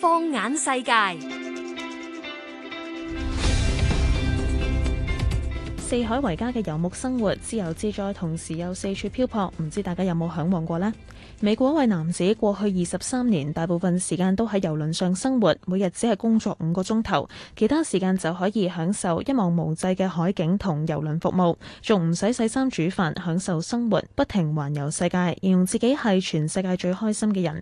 放眼世界，四海為家嘅遊牧生活，自由自在，同時又四處漂泊，唔知大家有冇嚮往過呢？美國一位男子過去二十三年大部分時間都喺郵輪上生活，每日只係工作五個鐘頭，其他時間就可以享受一望無際嘅海景同郵輪服務，仲唔使洗衫煮飯，享受生活，不停環遊世界，形容自己係全世界最開心嘅人。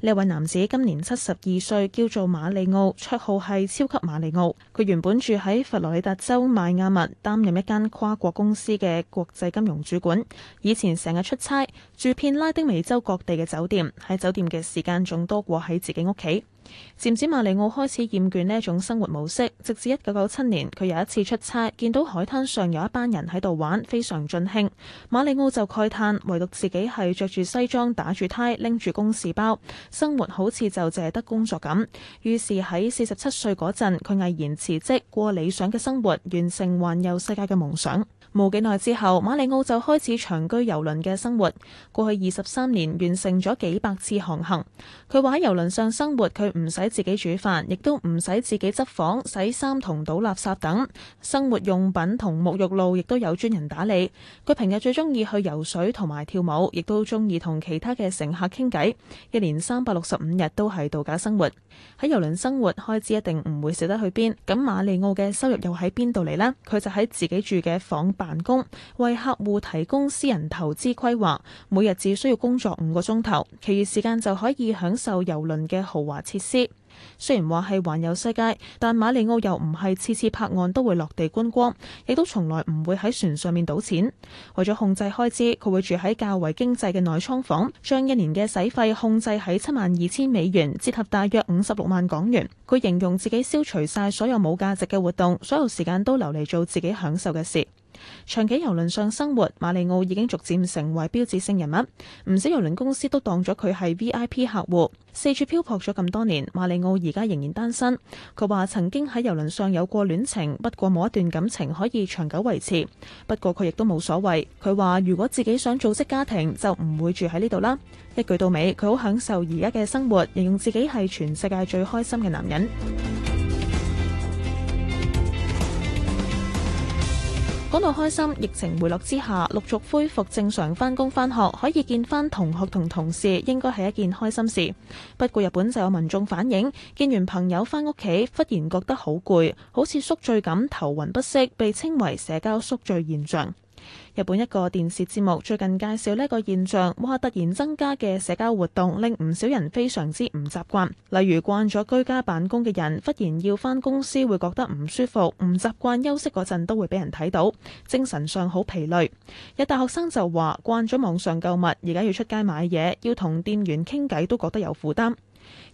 呢位男子今年七十二歲，叫做馬里奧，綽號係超級馬里奧。佢原本住喺佛羅里達州邁阿密，擔任一間跨國公司嘅國際金融主管。以前成日出差，住遍拉丁美洲各地嘅酒店，喺酒店嘅時間仲多過喺自己屋企。漸漸馬里奧開始厭倦呢一種生活模式，直至一九九七年，佢有一次出差，見到海灘上有一班人喺度玩，非常盡興。馬里奧就慨嘆，唯獨自己係着住西裝、打住呔、拎住公事包，生活好似就淨得工作咁。於是喺四十七歲嗰陣，佢毅然辭職，過理想嘅生活，完成環遊世界嘅夢想。冇幾耐之後，馬里奧就開始長居遊輪嘅生活。過去二十三年，完成咗幾百次航行。佢話喺遊輪上生活，佢。唔使自己煮飯，亦都唔使自己執房、洗衫同倒垃圾等。生活用品同沐浴露亦都有專人打理。佢平日最中意去游水同埋跳舞，亦都中意同其他嘅乘客傾偈。一年三百六十五日都係度假生活。喺遊輪生活，開支一定唔會少得去邊。咁馬利奧嘅收入又喺邊度嚟呢？佢就喺自己住嘅房辦公，為客戶提供私人投資規劃。每日只需要工作五個鐘頭，其餘時間就可以享受遊輪嘅豪華設施。雖然話係環遊世界，但馬里奧又唔係次次泊岸都會落地觀光，亦都從來唔會喺船上面賭錢。為咗控制開支，佢會住喺較為經濟嘅內艙房，將一年嘅使費控制喺七萬二千美元，折合大約五十六萬港元。佢形容自己消除晒所有冇價值嘅活動，所有時間都留嚟做自己享受嘅事。長期郵輪上生活，馬里奧已經逐漸成為標誌性人物，唔少郵輪公司都當咗佢係 VIP 客戶。四處漂泊咗咁多年，馬里奧而家仍然單身。佢話曾經喺郵輪上有過戀情，不過冇一段感情可以長久維持。不過佢亦都冇所謂。佢話如果自己想組織家庭，就唔會住喺呢度啦。一句到尾，佢好享受而家嘅生活，形容自己係全世界最開心嘅男人。講到開心，疫情回落之下，陸續恢復正常返工返學，可以見翻同學同同事，應該係一件開心事。不過日本就有民眾反映，見完朋友翻屋企，忽然覺得好攰，好似宿醉咁，頭暈不適，被稱為社交宿醉現象。日本一個電視節目最近介紹呢個現象，哇！突然增加嘅社交活動令唔少人非常之唔習慣。例如慣咗居家辦公嘅人，忽然要返公司會覺得唔舒服，唔習慣，休息嗰陣都會俾人睇到，精神上好疲累。有大學生就話，慣咗網上購物，而家要出街買嘢，要同店員傾偈都覺得有負擔。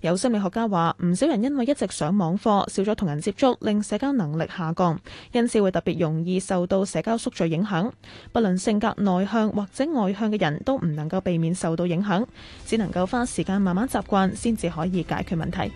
有心理學家話，唔少人因為一直上網課，少咗同人接觸，令社交能力下降，因此會特別容易受到社交宿醉影響。不論性格內向或者外向嘅人都唔能夠避免受到影響，只能夠花時間慢慢習慣，先至可以解決問題。